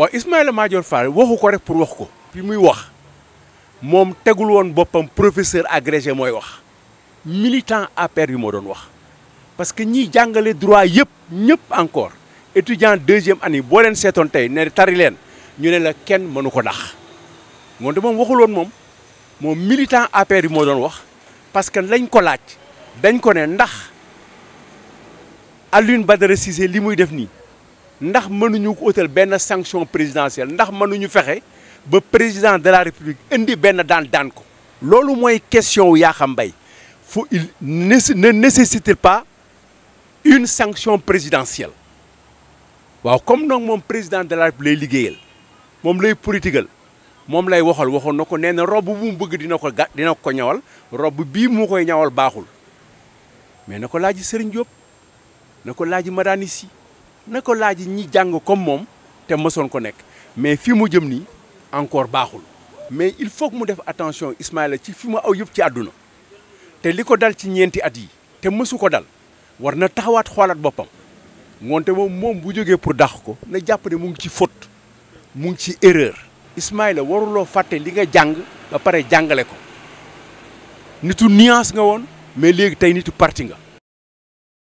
waaw Ismaël Madior Fall waxu ko rek pour wax ko bi muy wax tegul woon boppam professeur agrégé mooy wax militant à yu moo doon wax parce que ñiy jàngale droit yëpp ñëpp encore étudiant deuxième année boo leen seetoon tey ne tari leen ñu ne la kenn mënu ko ndax ngoonte moom waxul woon moom moom militant APR yi moo wax parce que lañ ko laaj dañ ko ndax Cissé li muy def ndax mënuñu une sanction présidentielle ndax le président de la république indi ben dans ko la question il ne nécessite pas une sanction présidentielle comme le président de la république lay lay political, mom lay waxal waxon nako néna robbu bëgg mais Serigne Diop nako ko laaj ñi jàng comme moom te mësoon ko nekk mais fi mu jëm nii encore baaxul mais il faut que mu def attention Ismaïla ci fi mu aw yëpp ci àdduna te li ko dal ci ñeenti at yi te mësu ko dal war na taxawaat xoolaat boppam ngoonte moom moom bu jógee pour dàq ko na jàpp ne mu ngi ci faute mu ngi ci erreur Ismaïla waruloo fàtte li nga jàng ba pare jàngale ko nitu nuance nga woon mais léegi tey nitu parti nga